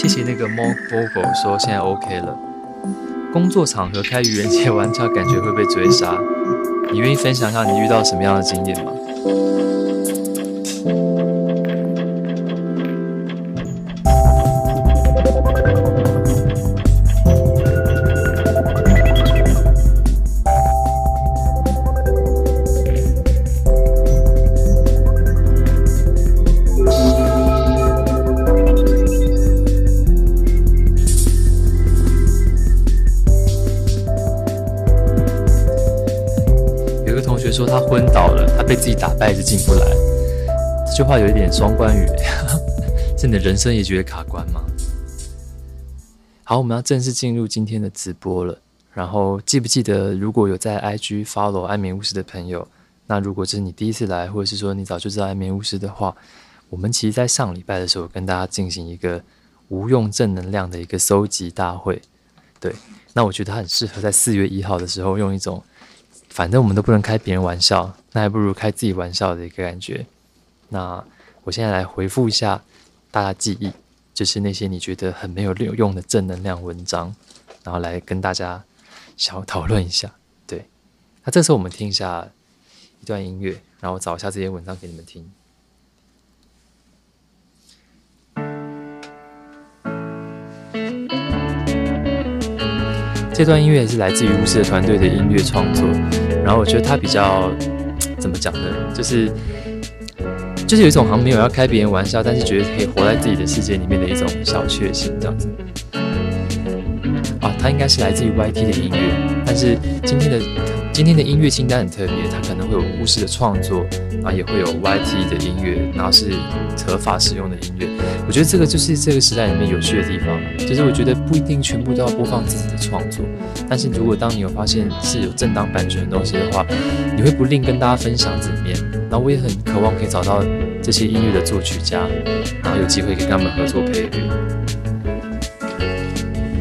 謝謝那個 Mok Bobo 說現在 OK 了。工作場合開愚人節玩笑，感覺會被追殺。你願意分享一下你遇到什麼樣的經驗嗎？打敗是進不來，這句話有一點雙關語，欸呵呵。是你的人生也覺得卡關嗎？好，我們要正式進入今天的直播了。然後記不記得，如果有在 IG follow 安眠巫師的朋友，那如果這是你第一次來，或者是說你早就知道安眠巫師的話，我們其實在上禮拜的時候跟大家進行一個無用正能量的一個蒐集大會。對，那我覺得它很適合在四月一號的時候用一種。反正我們都不能開別人玩笑，那還不如開自己玩笑的一個感覺。那我現在來回復一下大家記憶，就是那些你覺得很沒有用的正能量文章，然後來跟大家小討論一下。對，那這時候我們聽一下一段音樂，然後找一下這些文章給你們聽。這段音樂是來自於巫師的團隊的音樂創作。然後我覺得他比較，怎麼講呢？就是，就是有一種好像沒有要開別人玩笑，但是覺得可以活在自己的世界裡面的一種小確幸這樣子啊，他應該是來自於 YT 的音樂，但是今天的。今天的音樂清單很特別，它可能會有故事的創作，然後也會有 YT 的音樂，然後是合法使用的音樂。我覺得這個就是這個時代裡面有趣的地方，就是我覺得不一定全部都要播放自己的創作，但是如果當你有發現是有正當版權的東西的話，你會不吝跟大家分享這裡面。然後我也很渴望可以找到這些音樂的作曲家，然後有機會可以跟他們合作配樂。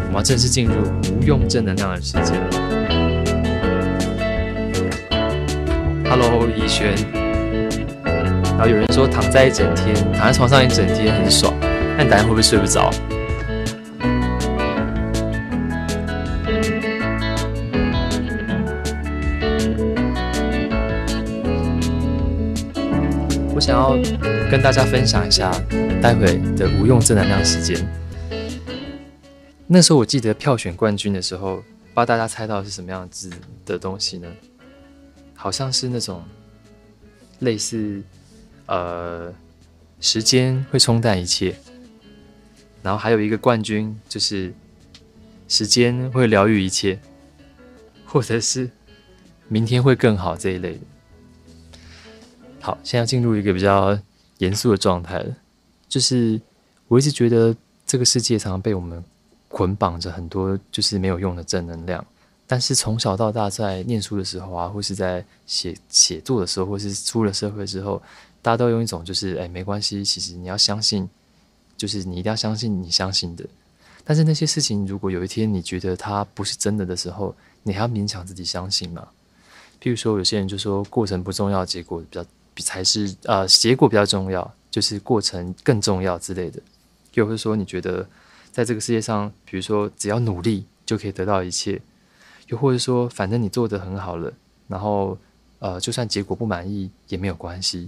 我們要正式進入無用正能量的時間了。Hello，怡萱。然後有人說躺在一整天，躺在床上一整天很爽，那你等下會不會睡不着？我想要跟大家分享一下待會的無用正能量時間。那時候我記得票選冠軍的時候，不知道大家猜到是什麼樣子的東西呢？好像是那種類似，呃，時間會沖淡一切，然後還有一個冠軍就是時間會療癒一切，或者是明天會更好這一類的。好，現在要進入一個比較嚴肅的狀態了，就是我一直覺得這個世界常常被我們捆綁着很多就是沒有用的正能量。但是從小到大，在念書的時候啊，或是，在寫寫作的時候，或是出了社會之後，大家都用一種就是，哎，沒關係，其實你要相信，就是你一定要相信你相信的。但是那些事情，如果有一天你覺得它不是真的的時候，你還要勉強自己相信嗎？譬如說，有些人就說過程不重要，結果比較比才是呃，結果比較重要，就是過程更重要之類的。又會說，你覺得在這個世界上，比如說只要努力就可以得到一切。又或者說，反正你做得很好了，然後，呃，就算結果不滿意也沒有關係。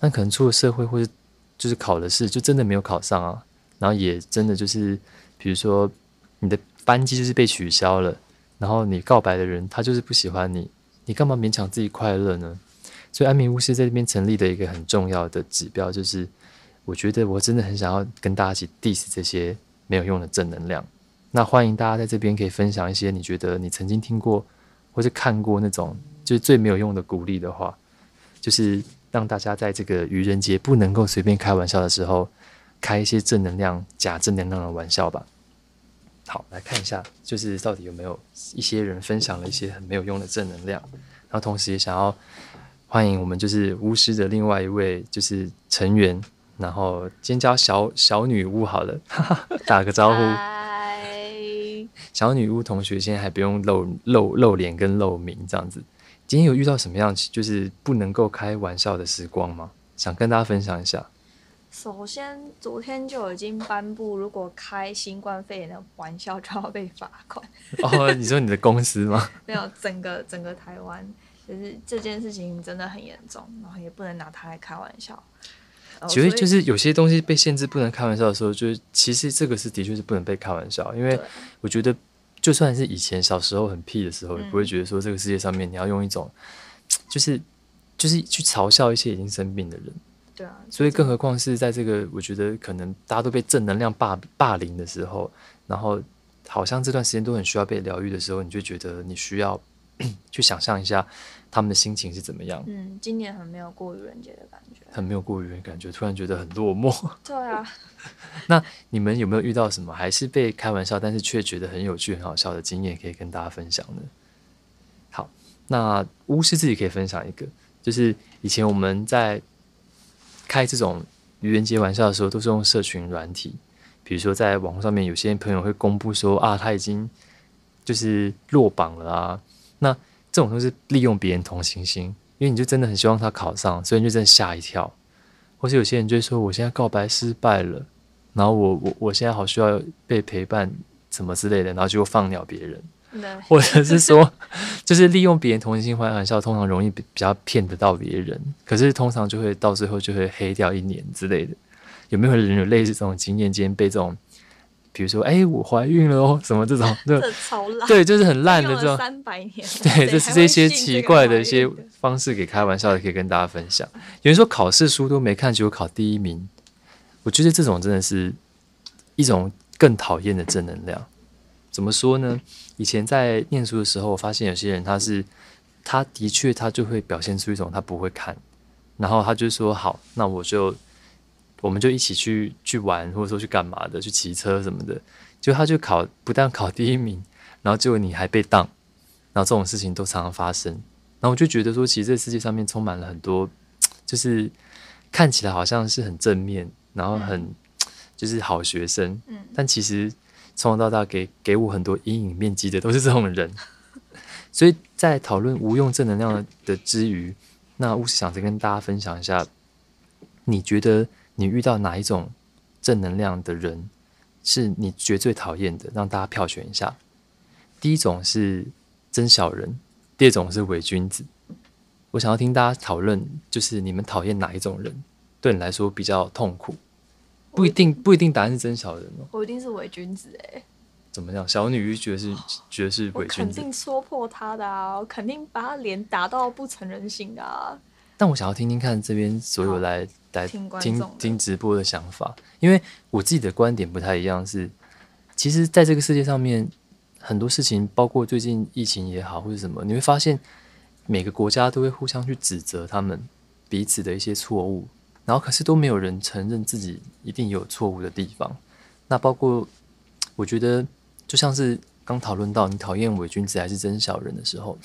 那可能出了社會，或者就是考的試，就真的沒有考上啊。然後也真的就是，比如說你的班級就是被取消了，然後你告白的人他就是不喜歡你，你幹嘛勉強自己快樂呢？所以，安眠巫師在這邊成立的一個很重要的指標，就是我覺得我真的很想要跟大家一起 diss 這些沒有用的正能量。那歡迎大家在這邊可以分享一些你覺得你曾經聽過或是看過那種就是最沒有用的鼓勵的話，就是讓大家在這個愚人節不能夠隨便開玩笑的時候，開一些正能量、假正能量的玩笑吧。好，來看一下，就是到底有沒有一些人分享了一些很沒有用的正能量，然後同時也想要歡迎我們就是巫師的另外一位就是成員，然後尖叫小小女巫好了，哈哈打個招呼。 小女巫同學，現在還不用露露露臉跟露名這樣子。今天有遇到什麼樣子就是不能夠開玩笑的時光嗎？想跟大家分享一下。首先，昨天就已經頒布，如果開新冠肺炎的玩笑，就要被罰款。哦，你說你的公司嗎？ 沒有，整個整個台灣就是這件事情真的很嚴重，然後也不能拿它來開玩笑。其實就是有些東西被限制不能開玩笑的時候，就是其實這個是的確是不能被開玩笑，因為我覺得就算是以前小時候很屁的時候，也不會覺得說，這個世界上面你要用一種，嗯、就是就是去嘲笑一些已經生病的人。對啊。所以更何況是在這個我覺得可能大家都被正能量霸霸凌的時候，然後好像這段時間都很需要被療癒的時候，你就覺得你需要去想象一下。他們的心情是怎麼樣？嗯，今年很沒有過愚人節的感覺，很沒有過愚人感覺，突然覺得很落寞。對啊， 那你們有沒有遇到什麼還是被開玩笑，但是卻覺得很有趣、很好笑的經驗，可以跟大家分享呢？好，那巫師自己可以分享一個，就是以前我們在開這種愚人節玩笑的時候，都是用社群軟體，比如說在網絡上面，有些朋友會公布說啊，他已經就是落榜了啊，那。這種就是利用別人同情心，因為你就真的很希望他考上，所以你就真的嚇一跳。或是有些人就會說我現在告白失敗了，然後我我我現在好需要被陪伴，什麼之類的，然後就放鳥別人，no. 或者是說就是利用別人同情心開玩笑，通常容易比較騙得到別人，可是通常就會到最後就會黑掉一年之類的。有沒有人有類似這種經驗？今天被這種。比如說，哎、欸，我懷孕了哦，什麼這種，對，對，就是很爛的這種，三百年，對，就是這些奇怪的一些方式給開玩笑的給玩笑，可以跟大家分享。有人說考試書都沒看就考第一名，我覺得這種真的是一種更討厭的正能量。怎麼說呢？以前在念書的時候，我發現有些人他是，他的確他就會表現出一種他不會看，然後他就說好，那我就。我們就一起去去玩，或者說去幹嘛的，去騎車什麼的。就他，就考，不但考第一名，然後結果你還被當，然後這種事情都常常發生。然後我就覺得說，其實這個世界上面充滿了很多，就是看起來好像是很正面，然後很就是好學生，嗯、但其實從小到大給給我很多陰影面積的都是這種人，嗯。所以在討論無用正能量的之餘，那巫師想再跟大家分享一下，你覺得？你遇到哪一種正能量的人是你絕對討厭的？讓大家票選一下。第一種是真小人，第二種是偽君子。我想要聽大家討論，就是你們討厭哪一種人，對你來說比較痛苦？不一定，一定不一定答案是真小人哦、喔。我一定是偽君子誒、欸，怎麼樣，小女覺得是、哦、覺得是偽君子？我肯定戳破他的啊，我肯定把他臉打到不成人形啊。但我想要聽聽看這邊所有來。來聽聽，聽直播的想法，因為我自己的觀點不太一樣。是，其實，在這個世界上面，很多事情，包括最近疫情也好，或者什麼，你會發現每個國家都會互相去指責他們彼此的一些錯誤，然後可是都沒有人承認自己一定有錯誤的地方。那包括我覺得，就像是剛討論到你討厭偽君子還是真小人的時候，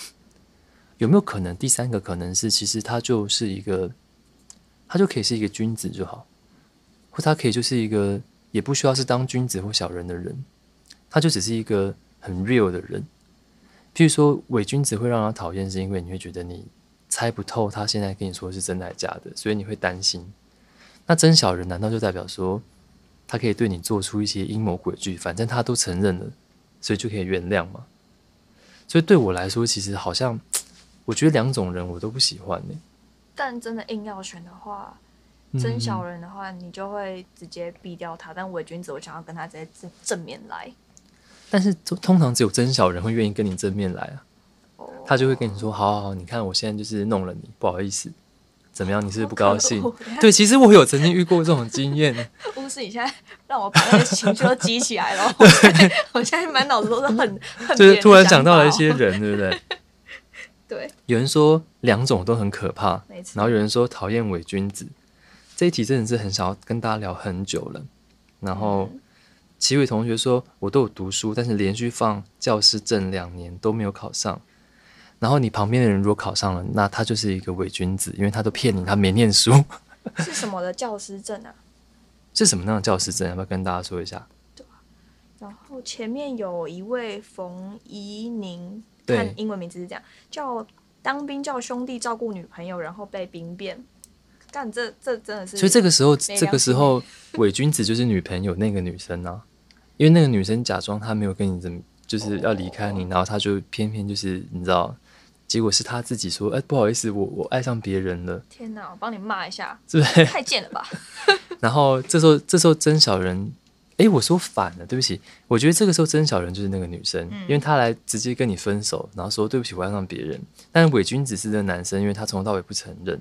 有沒有可能第三個可能是，其實他就是一個。他就可以是一個君子就好，或他可以就是一個也不需要是當君子或小人的人，他就只是一個很 real 的人。譬如說偽君子會讓他討厭，是因為你會覺得你猜不透他現在跟你說的是真還是假的，所以你會擔心。那真小人難道就代表說他可以對你做出一些陰謀詭計？反正他都承認了，所以就可以原諒嗎？所以對我來說，其實好像我覺得兩種人我都不喜歡呢、欸。但真的硬要選的話，嗯、真小人的話，你就會直接斃掉他。但偽君子，我想要跟他直接正正面來。但是通通常只有真小人會願意跟你正面來啊，Oh. 他就會跟你說：“好好好，你看我現在就是弄了你，不好意思，怎麼樣？你是不，是不高興？Oh, okay. 對，其實我有曾經遇過這種經驗。不 是，你現在讓我把那個情緒都激起來了， 然後我現在我現在滿腦子都是很， 很就是突然想到了一些人， 對不對？”對，有人說兩種都很可怕，然後有人說討厭偽君子。這一題真的是很想要跟大家聊很久了。然後齊偉同學說，我都有讀書，但是連續放教師證兩年都沒有考上。然後你旁邊的人如果考上了，那他就是一個偽君子，因為他都騙你，他沒唸書。是什麼的教師證啊？ 是什麼那種教師證？要不要跟大家說一下？對，然後前面有一位馮怡寧。對，看英文名字是這樣，叫當兵叫兄弟照顧女朋友，然後被兵變，但這這真的是，所以這個時候這個時候偽君子就是女朋友 那個女生呢、啊，因為那個女生假裝她沒有跟你怎麼，就是要離開你，oh. 然後她就偏偏就是你知道，結果是她自己說哎、欸、不好意思，我我愛上別人了，天哪，我幫你罵一下，是不是太賤了吧？ 然後這時候這時候真小人。誒，我說反了，對不起，我覺得這個時候真小人就是那個女生，嗯、因為她來直接跟你分手，然後說對不起，我愛上別人。但偽君子是個男生，因為他從頭到尾不承認。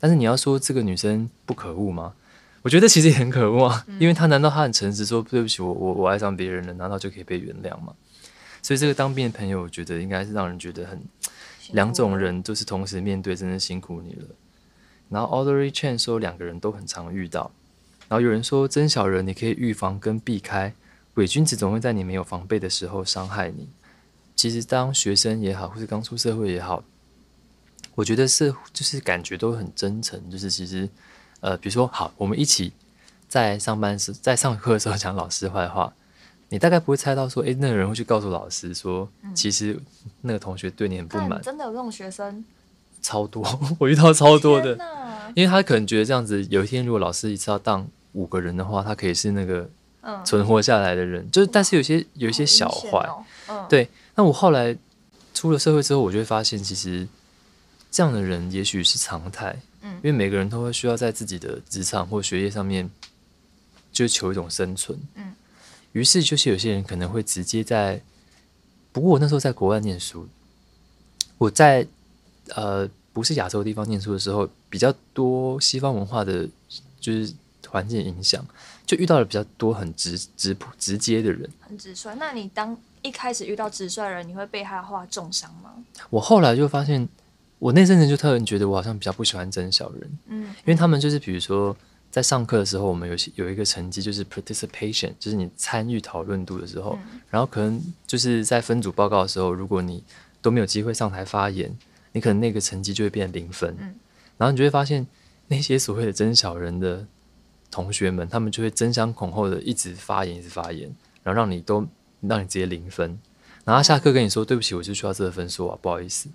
但是你要說這個女生不可惡嗎？我覺得其實也很可惡啊，嗯、因為她難道她很誠實說對不起，我我我愛上別人了，難道就可以被原諒嗎？所以這個當兵的朋友，我覺得應該是讓人覺得很，兩種人都是同時面對，真的辛苦你了。然後 Audrey Chen 說兩個人都很常遇到。然後有人說，真小人你可以預防跟避開，偽君子總會在你沒有防備的時候傷害你。其實當學生也好，或是剛出社會也好，我覺得是就是感覺都很真誠，就是其實呃，比如說好，我們一起在上班時，在上課的時候講老師壞話，你大概不會猜到說，誒，那個人會去告訴老師說，其實那個同學對你很不滿。真的有這種學生？超多，我遇到超多的。因為他可能覺得這樣子，有一天如果老師一次要當五個人的話，他可以是那個存活下來的人。嗯、就是，但是有些、嗯、有一些小壞、哦嗯，對。那我後來出了社會之後，我就會發現，其實這樣的人也許是常態、嗯。因為每個人都會需要在自己的職場或學業上面追求一種生存、嗯。於是就是有些人可能會直接在。不過我那時候在國外念書，我在呃。不是亞洲地方念書的時候，比較多西方文化的，就是環境影響，就遇到了比較多很直直直接的人，很直率。那你當一開始遇到直率的人，你會被他的話中傷嗎？我後來就發現，我那陣子就特別覺得我好像比較不喜歡真小人，嗯，因為他們就是比如說在上課的時候，我們有有一個成績就是 participation，就是你參與討論度的時候、嗯，然後可能就是在分組報告的時候，如果你都沒有機會上台發言。你可能那個成績就會變成零分，嗯、然後你就會發現那些所謂的真小人的同學們，他們就會爭先恐後的一直發言，一直發言，然後讓你都讓你直接零分。然後下課跟你說對不起，我就需要這個分數啊，不好意思。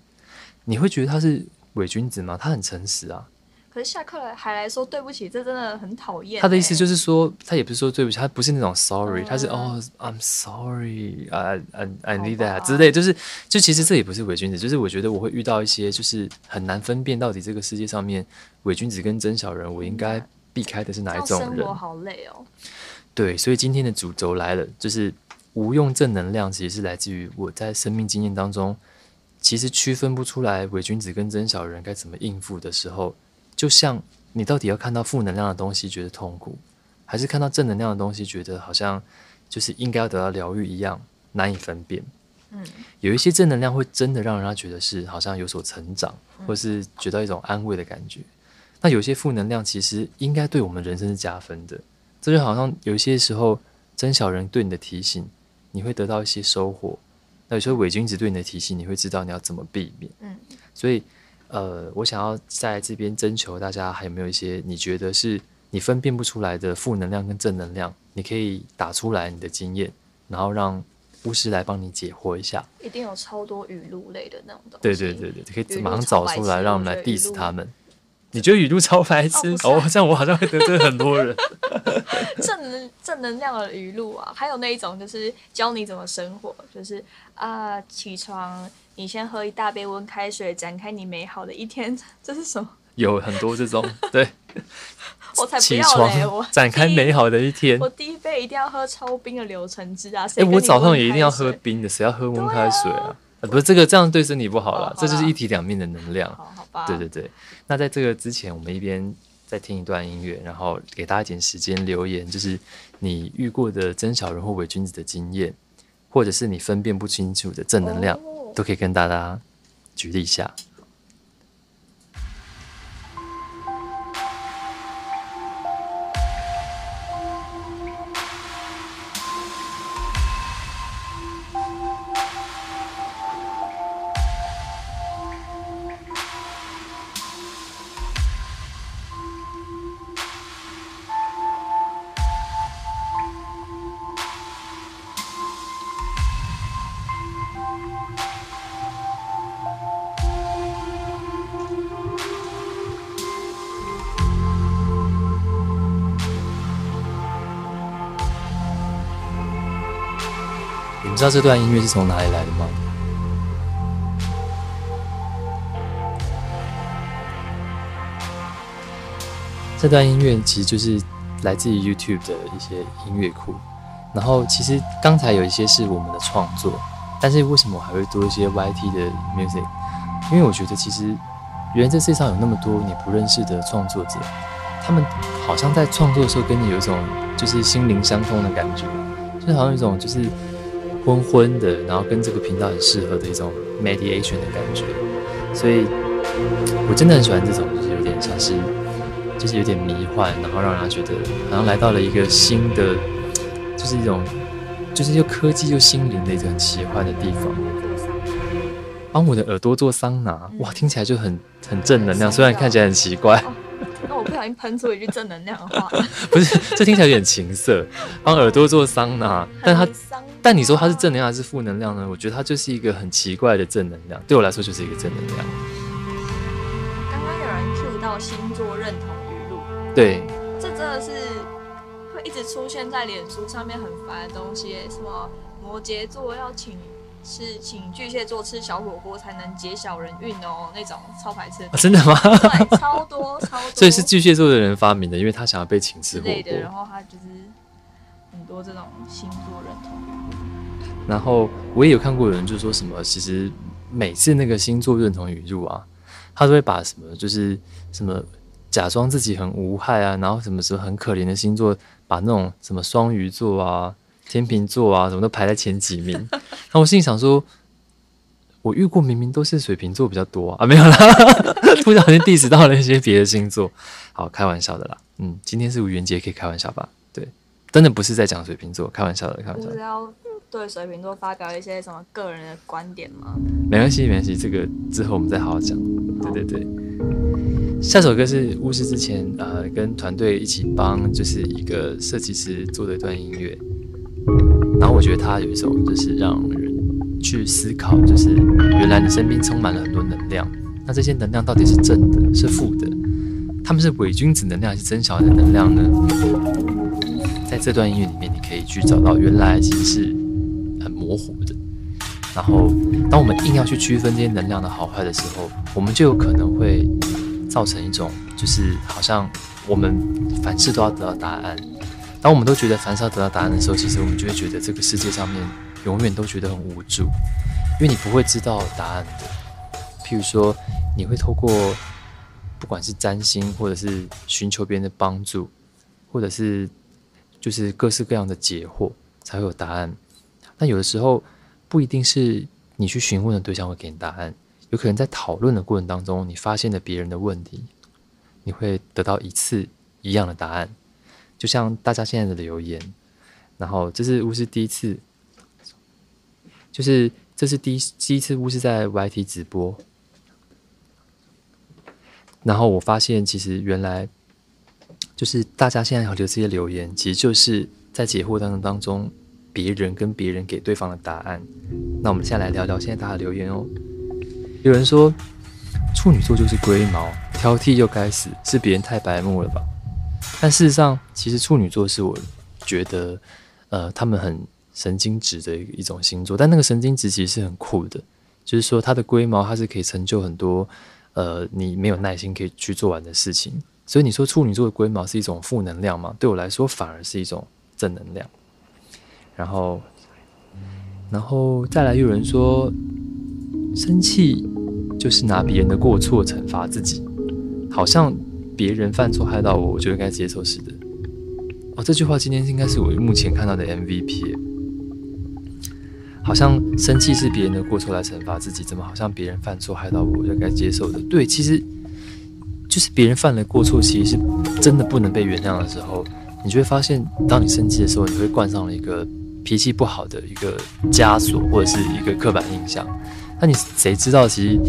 你會覺得他是偽君子嗎？他很誠實啊。可是下課了，還來說對不起，這真的很討厭、欸。他的意思就是說，他也不是說對不起，他不是那種 sorry，、嗯啊、他是哦、oh,，I'm sorry I, I, I 好好啊，嗯 I need that 之類，就是就其實這也不是偽君子，就是我覺得我會遇到一些就是很難分辨到底這個世界上面偽君子跟真小人，我應該避開的是哪一種人？嗯啊、好累哦。對，所以今天的主軸來了，就是無用正能量其實是來自於我在生命經驗當中，其實區分不出來偽君子跟真小人該怎麼應付的時候。就像你到底要看到負能量的東西覺得痛苦，還是看到正能量的東西覺得好像就是應該要得到療癒一樣難以分辨。嗯，有一些正能量會真的讓人家覺得是好像有所成長，或是覺得一種安慰的感覺。嗯、那有些負能量其實應該對我們人生是加分的。這就是、好像有一些時候真小人對你的提醒，你會得到一些收穫；那有些偽君子對你的提醒，你會知道你要怎麼避免。嗯，所以。呃，我想要在這邊徵求大家，還有沒有一些你覺得是你分辨不出來的負能量跟正能量？你可以打出來你的經驗，然後讓巫師來幫你解惑一下。一定有超多語錄類的那種東西。對對對，可以馬上找出來，讓我們來 diss 他們。你覺得語錄超白痴？哦？哦，這樣我好像會得罪很多人。 正能正能量的語錄啊，還有那一種就是教你怎麼生活，就是啊、呃，起床。你先喝一大杯溫開水，展開你美好的一天。這是什麼？有很多這種 對， 我才不要嘞！起床展開美好的一天。我第一杯一定要喝超冰的柳橙汁啊！哎、欸，我早上也一定要喝冰的，誰要喝溫開水啊，啊，啊？不是這個，這樣對身體不好啦。這就是一體兩面的能量好，好吧？對對對。那在這個之前，我們一邊再聽一段音樂，然後給大家一點時間留言，就是你遇過的真小人或偽君子的經驗，或者是你分辨不清楚的正能量。Oh 都可以跟大家舉例一下。知道這段音樂是從哪裡來的嗎？這段音樂其實就是來自於 YouTube 的一些音樂庫，然後其實剛才有一些是我們的創作，但是為什麼我還會多一些 YT 的 music？因為我覺得其實原來這世界上有那麼多你不認識的創作者，他們好像在創作的時候跟你有一種就是心靈相通的感覺，就是好像有一種就是。昏昏的，然後跟這個頻道很適合的一種 meditation 的感覺，所以我真的很喜歡這種，就是有點像是，就是有點迷幻，然後讓人家覺得好像來到了一個新的，就是一種，就是又科技又心靈的一種奇幻的地方，嗯。幫我的耳朵做桑拿，哇，聽起來就很很正能量，嗯，雖然看起來很奇怪，嗯、啊、哦。那我不小心噴出一句正能量的話， 不是，這聽起來有點情色，幫耳朵做桑拿，嗯、但他。但你說它是正能量還是負能量呢？我覺得它就是一個很奇怪的正能量，對我來說就是一個正能量。剛剛有人 Q 到星座認同語錄，對，這真的是會一直出現在臉書上面很煩的東西。什麼摩羯座要請吃，請巨蟹座吃小火鍋才能解小人運哦、喔，那種超排斥、啊、真的嗎？超多 超多，超多，所以是巨蟹座的人發明的，因為他想要被請吃火鍋對的，然後他就是很多這種星座認同語錄。然後我也有看過有人就說什麼，其實每次那個星座認同語錄啊，他都會把什麼就是什麼假裝自己很無害啊，然後什麼什麼很可憐的星座，把那種什麼雙魚座啊、天秤座啊，什麼都排在前幾名。那 我心裡想說，我遇過明明都是水瓶座比較多啊，啊沒有啦，不小心 diss 到了一些別的星座。好，開玩笑的啦，嗯，今天是愚人節，可以開玩笑吧？對，真的不是在講水瓶座，開玩笑的，開玩笑的。對水瓶座發表一些什麼個人的觀點嗎？沒關係，沒關係，這個之後我們再好好講。對對對，下首歌是巫師之前呃跟團隊一起幫就是一個設計師做的一段音樂，然後我覺得他有一首就是讓人去思考，就是原來你身邊充滿了很多能量，那這些能量到底是正的，是負的？他們是偽君子能量，還是真小人的能量呢？在這段音樂裡面，你可以去找到原來其實是。模糊的。然後，當我們硬要去區分這些能量的好壞的時候，我們就有可能會造成一種，就是好像我們凡事都要得到答案。當我們都覺得凡事要得到答案的時候，其實我們就會覺得這個世界上面永遠都覺得很無助，因為你不會知道答案的。譬如說，你會透過不管是占星，或者是尋求別人的幫助，或者是就是各式各樣的解惑，才會有答案。但有的時候不一定是你去詢問的對象會給你答案，有可能在討論的過程當中，你發現了別人的問題，你會得到一次一樣的答案。就像大家現在的留言，然後這是巫師第一次，就是這是第一第一次巫師在 YT 直播。然後我發現，其實原來就是大家現在留這些留言，其實就是在解惑當中當中。別人跟別人給對方的答案，那我們現在來聊聊現在大家留言哦。有人說處女座就是龜毛，挑剔、又開始，是別人太白目了吧？但事實上，其實處女座是我覺得，呃，他們很神經質的一種星座。但那個神經質其實是很酷的，就是說他的龜毛，它是可以成就很多，呃，你沒有耐心可以去做完的事情。所以你說處女座的龜毛是一種負能量嗎？對我來說，反而是一種正能量。然後，然後再來有人說，生氣就是拿別人的過錯懲罰自己，好像別人犯錯害到我，我就應該接受似的。哦，這句話今天應該是我目前看到的 MVP。好像生氣是別人的過錯來懲罰自己，怎麼好像別人犯錯害到我，我就應該接受的？對，其實就是別人犯了過錯，其實是真的不能被原諒的時候。你就會發現，當你生氣的時候，你會冠上了一個脾氣不好的一個枷鎖，或者是一個刻板印象。那你誰知道，其實，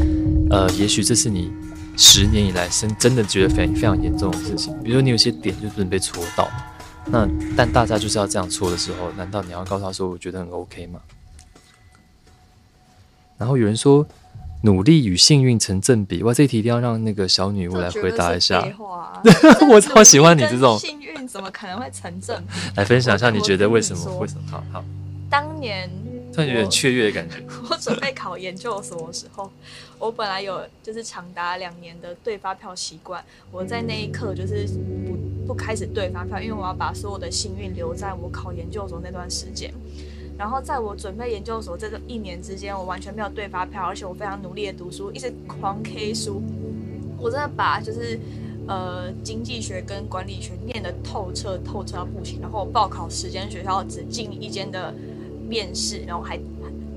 呃，也許這是你十年以來生真的覺得非常非常嚴重的事情。比如說，你有些點就是被戳到，那但大家就是要這樣戳的時候，難道你要告訴他說，我覺得很 OK 嗎？然後有人說。努力與幸運成正比。哇，這一題一定要讓那個小女巫來回答一下。啊、 我超喜歡你這種 幸運怎麼可能會成正比？來分享一下，你覺得為什麼？為什麼？好好。當年突然有點雀躍的感覺。我準備考研究所的時候， 我本來有就是長達兩年的對發票習慣。我在那一刻就是不不開始對發票，嗯，因為我要把所有的幸運留在我考研究所那段時間。然後在我準備研究所這一年之間，我完全沒有對發票，而且我非常努力的讀書，一直狂 K 書。我真的把就是呃經濟學跟管理學念得透徹透徹到不行。然後我報考十間學校只進一間的面試，然後還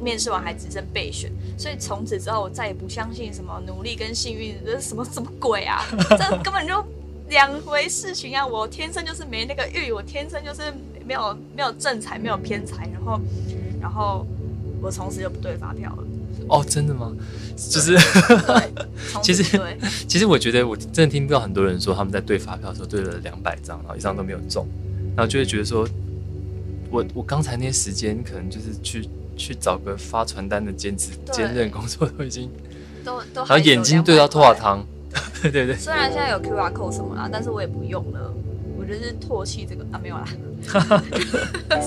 面試完還只剩備選。所以從此之後，我再也不相信什麼努力跟幸運，這是什麼什麼鬼啊？ 這根本就兩回事情啊！我天生就是沒那個運，我天生就是。沒有沒有正財，沒有偏財，然後，然後我從此就不對發票了，是是。哦，真的嗎？就是， 其實，其實我覺得我真的聽不到很多人說，他們在對發票的時候對了兩百張，然後一張都沒有中，然後就會覺得說，我我剛才那些時間可能就是去去找個發傳單的兼職、兼任工作都已經，都都，然後眼睛對到拖把糖，對 對，對。雖然現在有 QR code 什麼啦、啊，但是我也不用了。我是唾棄這個啊，沒有啦，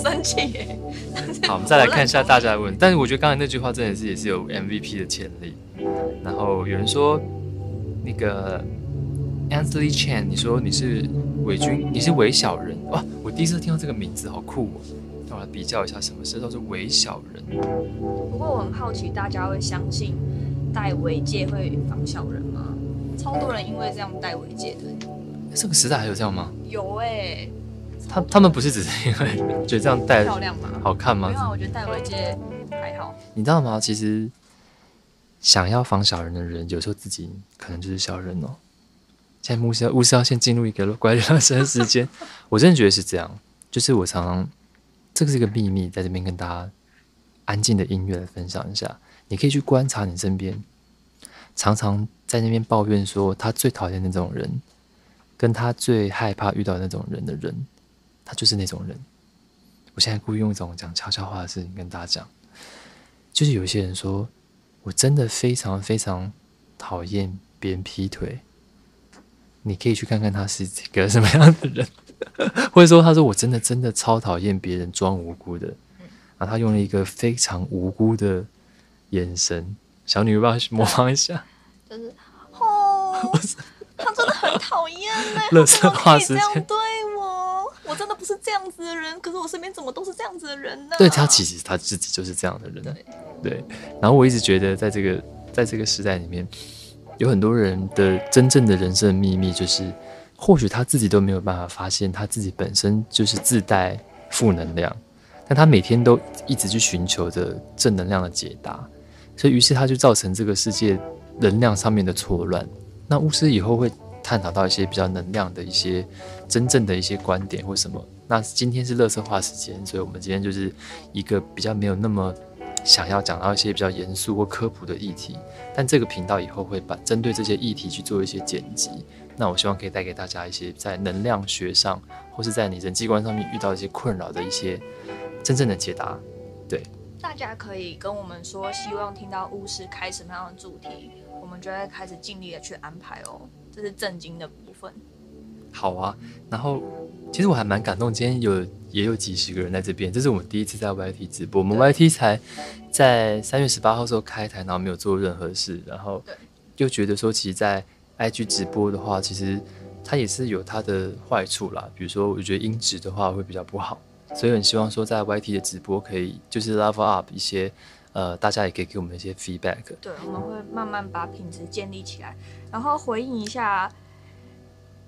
生 氣。 好，我們再來看一下大家的問題。但是我覺得剛才那句話真的也是也是有 MVP 的潛力。然後有人說那個 Anthony Chan，你說你是偽君？你是偽小人哇！我第一次聽到這個名字，好酷哦。讓我來比較一下什麼事都是叫做偽小人。不過我很好奇，大家會相信戴尾戒會防小人嗎？超多人因為這樣戴尾戒的。這個時代還有這樣嗎？有哎、欸，他他們不是只是因為覺得這樣戴漂亮嗎？好看嗎？沒有，我覺得戴圍巾還好。你知道嗎？其實想要防小人的人，有時候自己可能就是小人哦。現在巫師巫師要先進入一個乖人生時間， 我真的覺得是這樣。就是我常常，這個是一個秘密，在這邊跟大家安靜的音樂來分享一下。你可以去觀察你身邊，常常在那邊抱怨說他最討厭的那種人。跟他最害怕遇到那種人的人，他就是那種人。我現在故意用一種講悄悄話的聲音，跟大家講，就是有些人說，我真的非常非常討厭別人劈腿，你可以去看看他是一個什麼樣的人， 或者說他說我真的真的超討厭別人裝無辜的，然後他用了一個非常無辜的眼神，小女要不要模仿一下？就是吼。Oh. 他真的很討厭呢， 他可以這樣對我， 我真的不是這樣子的人， 可是我身邊怎麼都是這樣子的人呢、啊？對，他其實他自己就是這樣的人，對。然後我一直覺得，在這個在這個時代裡面，有很多人的真正的人生的秘密，就是或許他自己都沒有辦法發現，他自己本身就是自帶負能量，但他每天都一直去尋求着正能量的解答，所以於是他就造成這個世界能量上面的錯亂。那巫師以後會探討到一些比較能量的一些真正的一些觀點或什麼。那今天是垃圾話時間，所以我們今天就是一個比較沒有那麼想要講到一些比較嚴肅或科普的議題。但這個頻道以後會把針對這些議題去做一些剪輯。那我希望可以帶給大家一些在能量學上或是在你人際關係上面遇到一些困擾的一些真正的解答。對，大家可以跟我們說，希望聽到巫師開什麼樣的主題。我們就會開始盡力的去安排哦，這是正經的部分。好啊，然後其實我還蠻感動，今天有也有幾十個人在這邊，這是我們第一次在 YT 直播。我們 YT 才在三月十八號時候開台，然後沒有做任何事，然後又覺得說，其實在 IG 直播的話，其實它也是有它的壞處啦。比如說，我覺得音質的話會比較不好，所以很希望說在 YT 的直播可以就是 level up 一些。呃，大家也可以給我們一些 feedback。對，我們會慢慢把品質建立起來，然後回應一下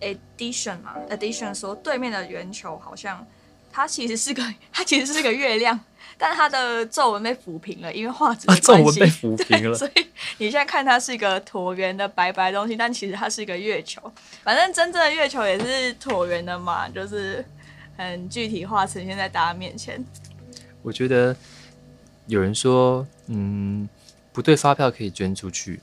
addition 嘛。addition 說對面的圓球好像它其實是個它其實是個月亮，但它的皺紋被撫平了，因為畫質的皺紋、啊、被撫平了，所以你現在看它是一個橢圓的白白的東西，但其實它是一個月球。反正真正的月球也是橢圓的嘛，就是很具體化呈現在大家面前。我覺得。有人說，嗯，不對，發票可以捐出去。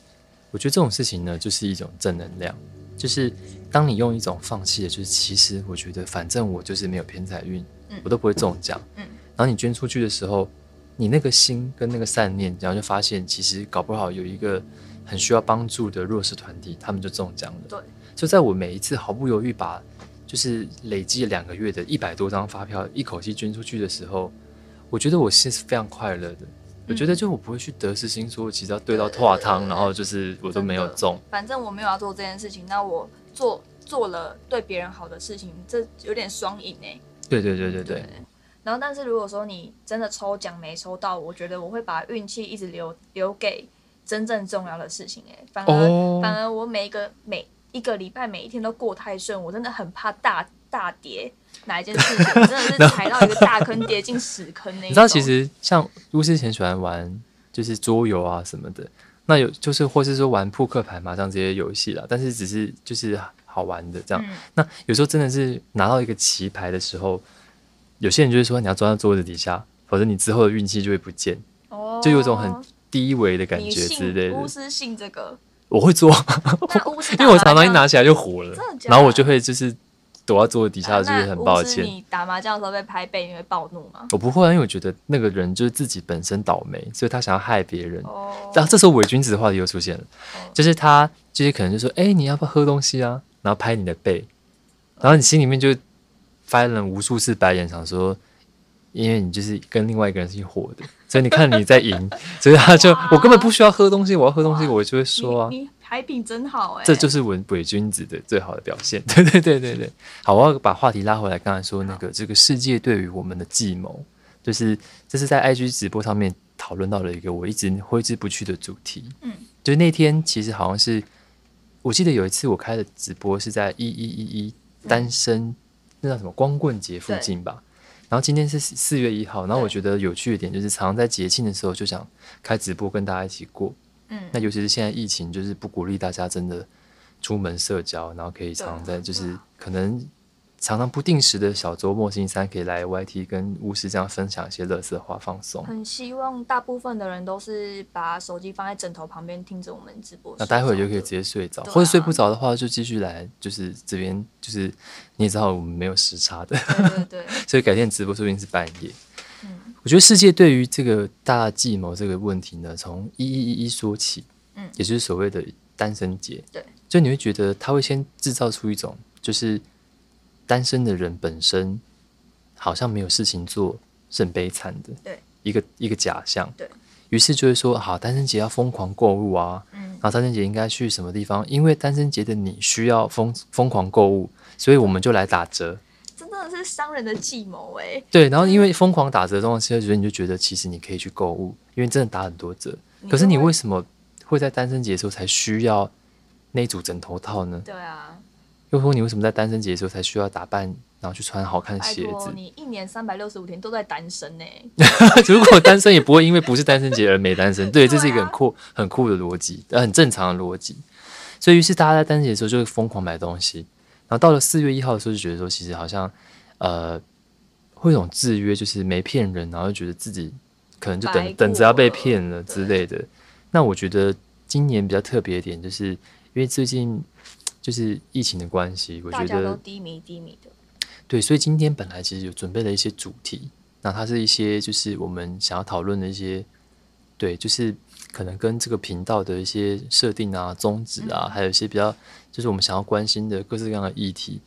我覺得這種事情呢，就是一種正能量，就是當你用一種放棄的，就是其實我覺得反正我就是沒有偏財運，嗯，我都不會中獎，嗯。然後你捐出去的時候，你那個心跟那個善念，然後就發現其實搞不好有一個很需要幫助的弱勢團體，他們就中獎了。對，就在我每一次毫不猶豫把就是累積兩個月的一百多張發票一口氣捐出去的時候。我覺得我現在是非常快樂的，嗯，我覺得就我不會去得失心說，其實要對到湯湯，然後就是我都沒有中。反正我沒有要做這件事情，那我做做了對別人好的事情，這有點雙贏哎。對對對對對，對，對。然後，但是如果說你真的抽獎沒抽到，我覺得我會把運氣一直留留給真正重要的事情，欸，反而，oh. 反而我每一個每一個禮拜每一天都過太順，我真的很怕大大跌，哪一件事情真的是踩到一個大坑，跌坑，跌進屎坑？你知道，其實像巫師以前喜歡玩就是桌遊啊什麼的，那有就是或是說玩撲克牌、嘛，將這些遊戲了，但是只是就是好玩的這樣、嗯。那有時候真的是拿到一個棋牌的時候，有些人就會說你要裝到桌子底下，否則你之後的運氣就會不見。哦、就有種很低微的感覺之類的。巫師信這個，我會做， 因為我常常一拿起來就糊了的的，然後我就會就是。躲在桌子底下，就是很抱歉。你打麻將的時候被拍背，你會暴怒嗎？我不會，啊，因為我覺得那個人就是自己本身倒霉，所以他想要害別人。然後這時候偽君子的話題又出現了，就是他這些可能就說：“哎，你要不要喝東西啊？”然後拍你的背，然後你心裡面就翻了無數次白眼，想說。因為你就是跟另外一個人是一夥的，所以你看你在贏，所以他就 我根本不需要喝東西，我要喝東西我就會說、啊、你牌品真好哎，這就是文，偽君子的最好的表現，對對對對對。好，我要把話題拉回來，剛才說那個這個世界對於我們的計謀，就是這是在 IG 直播上面討論到了一個我一直揮之不去的主題，嗯，就那天其實好像是我記得有一次我開的直播是在一一一一單身、嗯、那叫什麼光棍節附近吧。然後今天是四月一號，然後我覺得有趣的點就是，常常在節慶的時候就想開直播跟大家一起過。嗯，那尤其是現在疫情，就是不鼓勵大家真的出門社交，然後可以常常在，就是可能。常常不定時的小周末、星期三可以來 YT 跟巫師這樣分享一些垃圾話放鬆。很希望大部分的人都是把手機放在枕頭旁邊，聽着我們直播。那待會兒就可以直接睡着，或者睡不着的話就繼續來就、啊，就是這邊就是你也知道我們沒有時差的，對,對,對， 所以改天直播說不定是,是半夜。嗯，我覺得世界對於這個大計謀這個問題呢，從一一一一說起，嗯，也就是所謂的單身節。對，所以你會覺得他會先制造出一種就是。單身的人本身好像沒有事情做，是很悲慘的。對，一個一個假象。對，於是就會說，好，單身節要瘋狂購物啊。嗯。然後單身節應該去什麼地方？因為單身節的你需要瘋瘋狂購物，所以我們就來打折。真的是商人的計謀哎、欸。對，然後因為瘋狂打折的東西，就你就覺得其實你可以去購物，因為真的打很多折。可是你為什麼會在單身節的時候才需要那組枕頭套呢？對啊。又說你為什麼在單身節的時候才需要打扮，然後去穿好看的鞋子？你一年三百六十五天都在單身呢、欸。 如果單身也不會因為不是單身節而沒單身。 對，這是一個很酷、啊、很酷的邏輯，呃，很正常的邏輯。所以於是大家在單身節的時候就會瘋狂買東西，然後到了四月一號的時候就覺得說，其實好像呃，會有一種制約，就是沒騙人，然後就覺得自己可能就等等，着要被騙了之類的。那我覺得今年比較特別的點，就是因為最近。就是疫情的關係，我覺得大家都低迷、低迷的。對，所以今天本來其實有準備了一些主題，那它是一些就是我們想要討論的一些，對，就是可能跟這個頻道的一些設定啊、宗旨啊，還有一些比較就是我們想要關心的各式各樣的議題。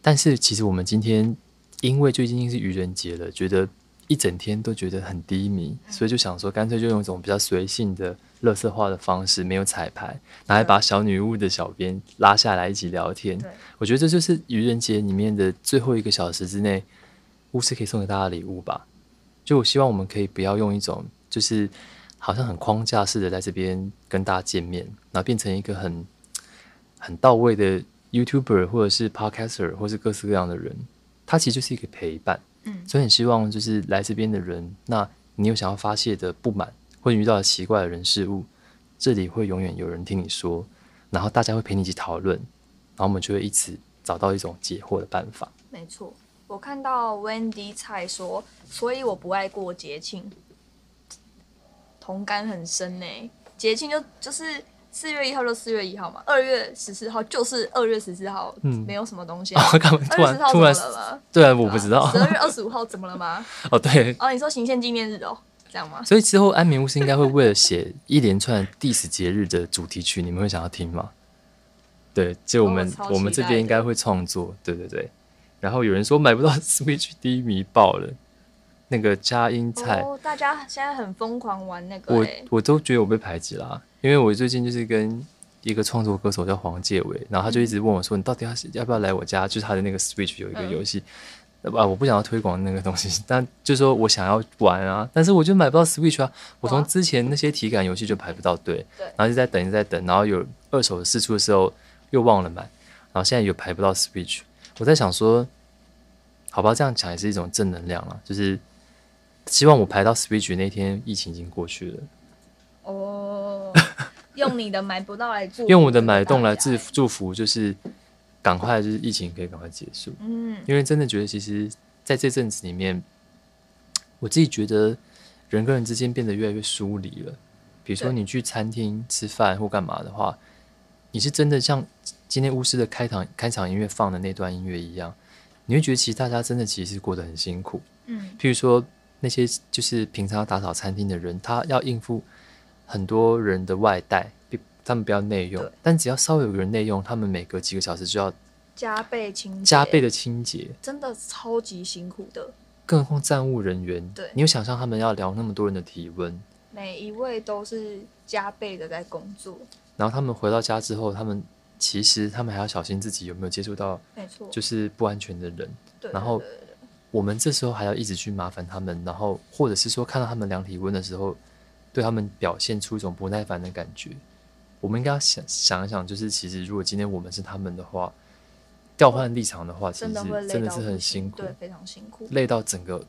但是其實我們今天因為最近是愚人節了，覺得。一整天都覺得很低迷，所以就想說，乾脆就用一種比較隨性的、垃圾化的方式，沒有彩排，然後把小女巫的小編拉下來一起聊天。對，我覺得這就是愚人節裡面的最後一個小時之內，巫師可以送給大家的禮物吧。就我希望我們可以不要用一種就是好像很框架式的在這邊跟大家見面，然後變成一個很很到位的 YouTuber 或者是 Podcaster 或者是各式各樣的人，它其實就是一個陪伴。嗯，所以很希望就是來這邊的人，那你有想要發洩的不滿，或者遇到奇怪的人事物，這裡會永遠有人聽你說，然後大家會陪你一起討論，然後我們就會一起找到一種解惑的辦法。沒錯，我看到 Wendy 蔡說，所以我不愛過節慶，同感很深呢。節慶就就是。四月一號就四月一號嘛，二月十四號就是二月十四號，嗯，沒有什麼東西。突、哦、然突然，號怎麼突然對啊對，我不知道。十二月二十五號怎麼了嗎？ 哦，對。哦，你說行憲紀念日哦，這樣嗎？所以之後安眠巫師應該會為了寫一連串歷史節日的主題曲， 你們會想要聽嗎？對，就我們、哦、我們這邊應該會創作，對對對。然後有人說買不到 Switch，低迷爆了。那個佳音菜，哦、大家現在很瘋狂玩那個、欸，我我都覺得我被排擠啦、啊，因為我最近就是跟一個創作歌手叫黃介偉，然後他就一直問我說，你到底要要不要來我家？就是他的那個 Switch 有一個遊戲、嗯，啊，我不想要推廣那個東西，但就是說我想要玩啊，但是我就買不到 Switch 啊，我從之前那些體感遊戲就排不到隊，對、啊，然後就在等一直在等，然後有二手試出的時候又忘了買，然後現在又排不到 Switch，我在想說，好吧，這樣講也是一種正能量了、啊，就是。希望我排到 speech 那天，疫情已經過去了。哦，用你的買不到來祝， 用我的買動來祝祝福，就是趕快，就是疫情可以趕快結束。嗯，因為真的覺得，其實在這陣子裡面，我自己覺得人跟人之間變得越來越疏離了。比如說，你去餐廳吃飯或幹嘛的話，你是真的像今天巫師的開場開場音樂放的那段音樂一樣，你會覺得其實大家真的其實過得很辛苦。嗯，譬如說。那些就是平常打掃餐廳的人，他要應付很多人的外帶，他們不要內用。但只要稍微有人內用，他們每隔幾個小時就要加倍清潔，加倍的清潔，真的超級辛苦的。更何況站務人員，對。你有想象他們要量那麼多人的體溫，每一位都是加倍的在工作。然後他們回到家之後，他們其實他們還要小心自己有沒有接觸到，沒錯，就是不安全的人。對對對對，然後。我們這時候還要一直去麻煩他們，然後或者是說看到他們量體溫的時候，對他們表現出一種不耐煩的感覺。我們應該要想想一想，就是其實如果今天我們是他們的話，調換立場的話，其實真的是很辛苦的，非常辛苦，累到整個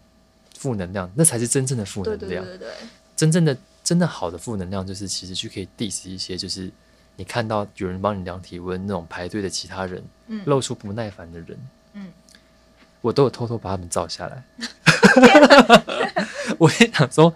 負能量，那才是真正的負能量。對對，對，對，對，真正的、真的好的負能量，就是其實去可以 diss 一些，就是你看到有人幫你量體溫那種排隊的其他人，嗯，露出不耐煩的人。我都有偷偷把他們照下來， 變了笑我也想說，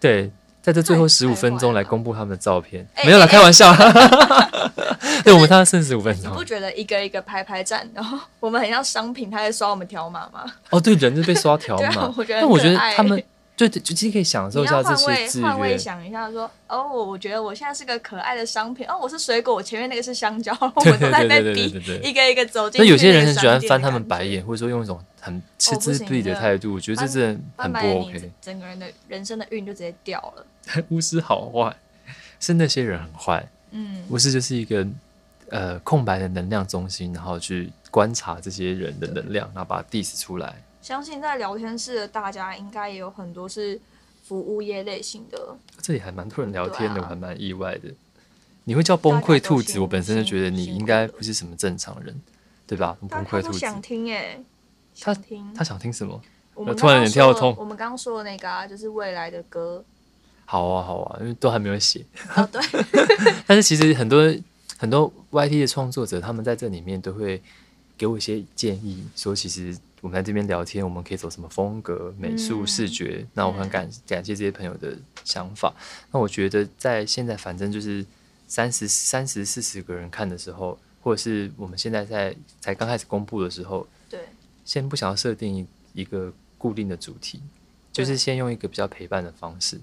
對，在這最後十五分鐘來公布他們的照片，沒有啦，開玩笑。 可是 對，我們還有剩十五分鐘。你不覺得一個一個排排站，然後我們很像商品，他在刷我們條碼嗎？哦，對，人就被刷條碼、 啊欸。但我覺得他們。對，就其實可以享受一下這些資源。換位，換位想一下說，說哦，我覺得我現在是個可愛的商品哦，我是水果，我前面那個是香蕉，我正在被比， 一個一個走進。那有些人很喜歡翻他們白眼，或者說用一種很嗤之以鼻的態度，我覺得這真的很不 OK。整個人的人生的運就直接掉了。 巫師好壞，是那些人很壞，嗯，巫師就是一個呃空白的能量中心，然後去觀察這些人的能量，然後把它 diss 出來。相信在聊天室的大家應該也有很多是服務業類型的。這裡還蠻多人聊天的，啊、我還蠻意外的。你會叫崩潰兔子，我本身就覺得你應該不是什麼正常人，對吧？崩潰兔子他想聽哎、欸，他聽他想聽什麼？我突然有點跳不通。我們剛剛說的那個、啊、就是未來的歌。好啊好啊，因為都還沒有寫。對， 但是其實很多很多 YT 的創作者，他們在這裡面都會給我一些建議，說其實。我們在這邊聊天，我們可以走什麼風格？美術、嗯、視覺？那我很感、嗯、感謝這些朋友的想法。那我覺得在現在，反正就是三十三十四十個人看的時候，或者是我們現在在才剛開始公布的時候，對，先不想要設定一個固定的主題，就是先用一個比較陪伴的方式。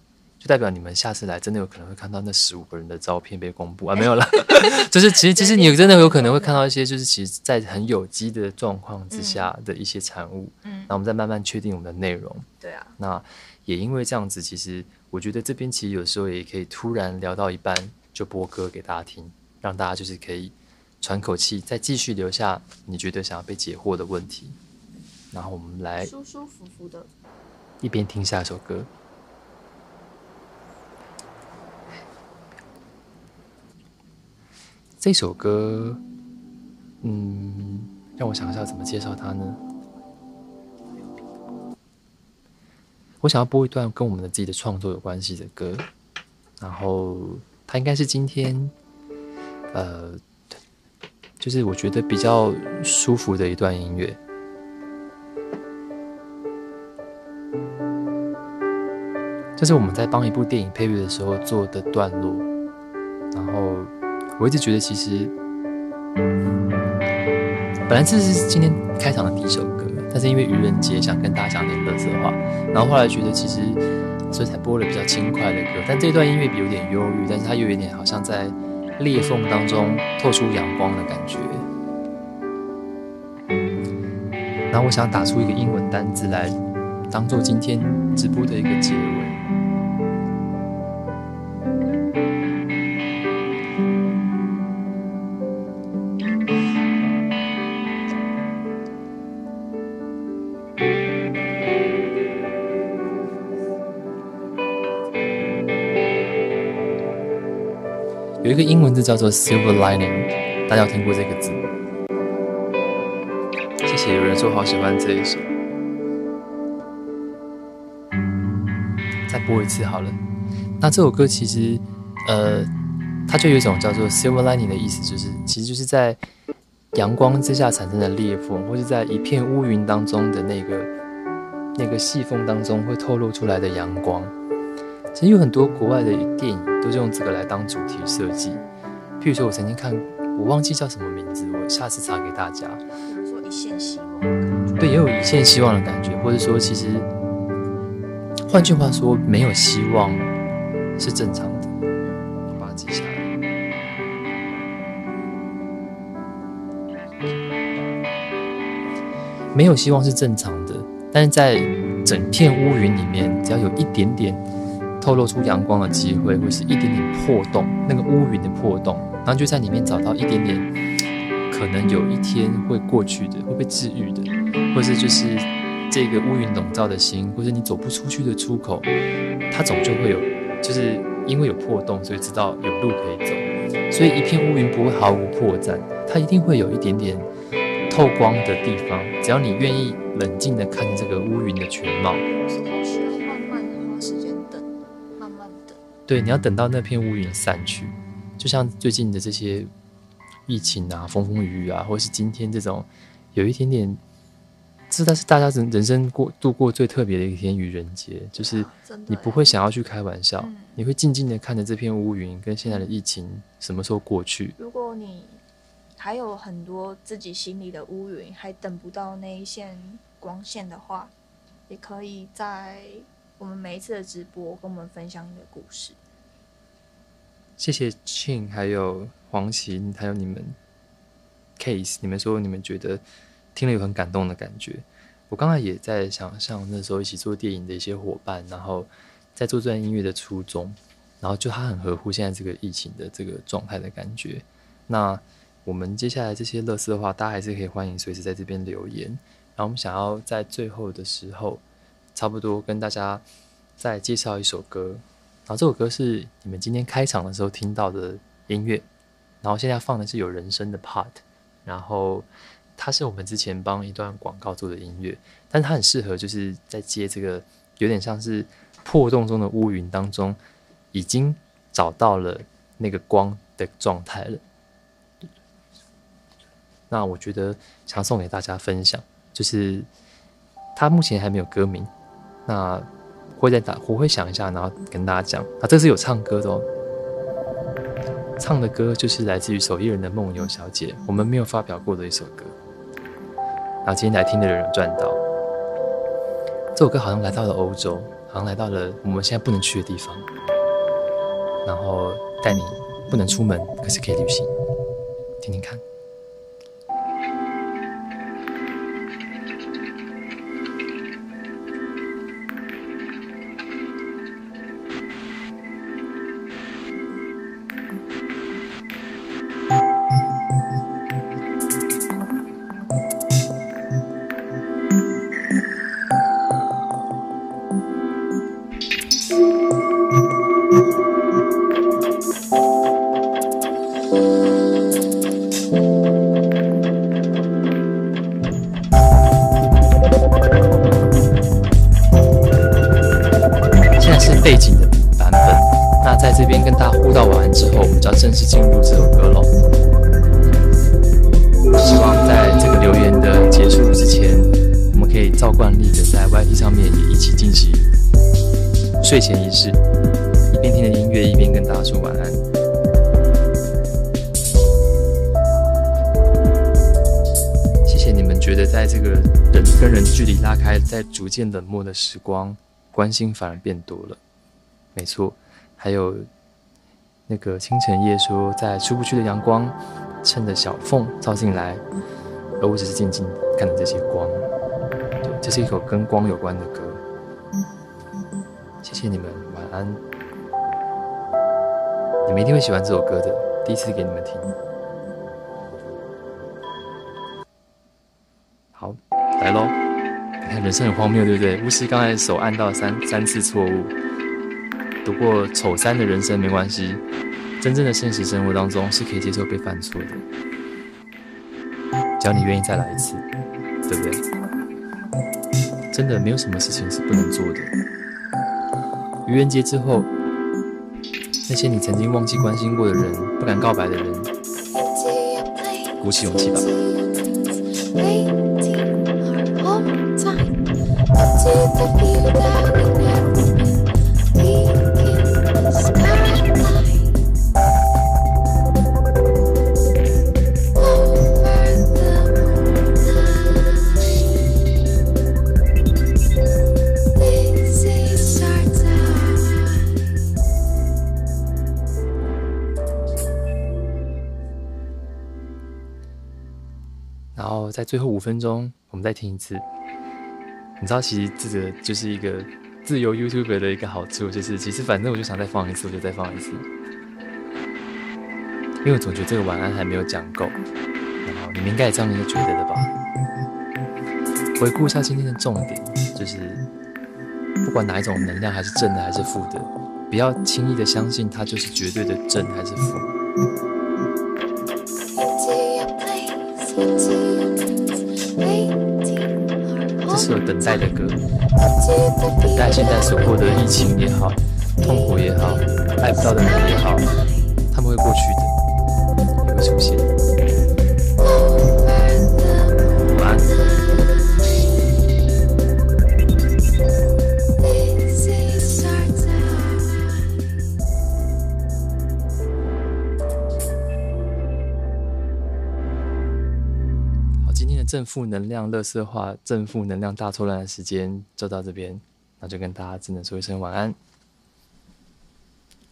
代表你們下次來，真的有可能會看到那十五個人的照片被公布啊！沒有了， 就是其實其實你真的有可能會看到一些，就是其實，在很有機的狀況之下的一些產物。嗯，那我們再慢慢確定我們的內容。對、嗯、啊。那也因為這樣子，其實我覺得這邊其實有時候也可以突然聊到一半就播歌給大家聽，讓大家就是可以喘口氣，再繼續留下你覺得想要被解惑的問題，然後我們來舒舒服服的，一邊聽下一首歌。這首歌，嗯，讓我想一下怎麼介紹它呢？我想要播一段跟我們的自己的創作有關係的歌，然後它應該是今天，呃，就是我覺得比較舒服的一段音樂，這是我們在幫一部電影配樂的時候做的段落。我一直覺得，其實本來這是今天開場的第一首歌，但是因為愚人節想跟大家講點垃圾話，然後後來覺得其實，所以才播了比較輕快的歌。但這段音樂比有點憂鬱，但是它又有點好像在裂縫當中透出陽光的感覺。然後我想打出一個英文單字來，當做今天直播的一個結尾。這個英文字叫做 silver lining，大家有聽過這個字嗎？謝謝有人說好喜歡這一首，再播一次好了。那這首歌其實，呃，它就有一種叫做 silver lining 的意思，就是其實就是在陽光之下產生的裂縫，或是在一片烏雲當中的那個那個細縫當中會透露出來的陽光。其實有很多國外的電影都是用這個來當主題設計，譬如說我曾經看，我忘記叫什麼名字，我下次查給大家。或者說一線希望，對，也有，有一線希望的感覺，或者說其實，換句話說，沒有希望是正常的，我把它記下來。沒有希望是正常的，但是在整片烏雲裡面，只要有一點點透露出陽光的機會，會是一點點破洞，那個烏雲的破洞，然後就在裡面找到一點點，可能有一天會過去的，會被治癒的，或是就是這個烏雲籠罩的心，或是你走不出去的出口，它總就會有，就是因為有破洞，所以知道有路可以走，所以一片烏雲不會毫無破綻，它一定會有一點點透光的地方，只要你願意冷靜的看這個烏雲的全貌。對，你要等到那片烏雲散去、嗯，就像最近的這些疫情啊、風風雨雨啊，或是今天這種有一點點，這但是大家人人生過度過最特別的一天——愚人節，就是你不會想要去開玩笑，啊、你會靜靜的看着這片烏雲跟現在的疫情什麼時候過去。如果你還有很多自己心裡的烏雲，還等不到那一線光線的話，也可以在。我們每一次的直播，我跟我們分享你的故事。謝謝親，還有黃琴，還有你們 Case，你們說你們覺得聽了有很感動的感覺。我剛才也在想，像那時候一起做電影的一些夥伴，然後在做這段音樂的初衷，然後就他很合乎現在這個疫情的這個狀態的感覺。那我們接下來這些樂事的話，大家還是可以歡迎隨時在這邊留言。然後我們想要在最後的時候。差不多跟大家再介紹一首歌，然後這首歌是你們今天開場的時候聽到的音樂，然後現在放的是有人聲的 part，然後它是我們之前幫一段廣告做的音樂，但是它很適合就是在接這個有點像是破洞中的烏雲當中，已經找到了那個光的狀態了。那我覺得想送給大家分享，就是它目前還沒有歌名。那我會再打，我會想一下，然後跟大家講。那、啊、這是有唱歌的，哦，唱的歌就是來自於手藝人的夢遊小姐，我們沒有發表過的一首歌。然後今天來聽的人有賺到，這首歌好像來到了歐洲，好像來到了我們現在不能去的地方，然後帶你不能出門，可是可以旅行，聽聽看。現在是背景的版本，那在這邊跟大家互道晚安之後，我們就要正式進入這首歌咯。我希望在這個留言的結束之前，我們可以照慣例的在 YT 上面也一起進行睡前儀式，一邊聽着音樂，一邊跟大家說晚安。覺得在這個人跟人距離拉開，在逐漸冷漠的時光，關心反而變多了。沒錯，還有那個清晨耶穌在出不去的陽光，趁着小縫照進來，而我只是靜靜地看着這些光。這是一首跟光有關的歌。謝謝你們，晚安。你們一定會喜歡這首歌的，第一次給你們聽。人生很荒謬，對不對？巫師剛才手按到三三次錯誤，不過丑三的人生沒關係。真正的現實生活當中是可以接受被犯錯的，只要你願意再來一次，對不對？真的沒有什麼事情是不能做的。愚人節之後，那些你曾經忘記關心過的人，不敢告白的人，鼓起勇氣吧。然後在最後五分鐘，我們再聽一次。你知道，其實這個就是一個自由 YouTuber 的一個好處，就是其實反正我就想再放一次，我就再放一次，因為我總覺得這個晚安還沒有講夠。然後你們應該也這樣子覺得的吧？嗯嗯嗯嗯嗯、回顧一下今天的重點，就是不管哪一種能量，還是正的還是負的，不要輕易的相信它就是絕對的正還是負。嗯嗯嗯嗯嗯所有等待的歌，等待現在所過的疫情也好，痛苦也好，愛不到的人也好，他們會過去的，也會出現。正負能量、垃圾話、正負能量大錯亂的時間就到這邊，那就跟大家只能說一聲晚安。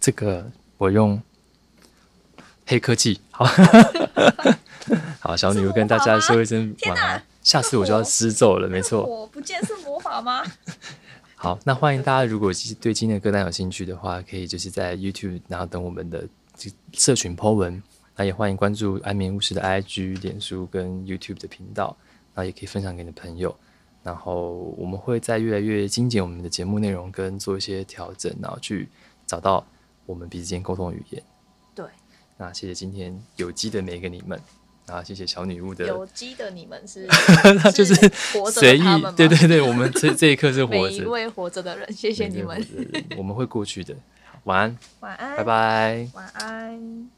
這個我用黑科技，好， 好，小女巫跟大家說一聲晚安。下次我就要施咒了，沒錯，我不見是魔法嗎？好，那歡迎大家，如果對今天的歌單有興趣的話，可以就是在 YouTube，然後等我們的社群 po 文。那也歡迎關注安眠巫師的 IG、臉書跟 YouTube 的頻道，那也可以分享給你的朋友。然後我們會在越來越精簡我們的節目內容，跟做一些調整，然後去找到我們彼此間溝通的語言。對，那謝謝今天有機的每一個你們，然後謝謝小女巫的有機的你們是， 那就是，是活着隨意。對對對，我們這這一刻是活着 一位活着的人，謝謝你們， 我們會過去的，晚安，晚安，拜拜，晚安。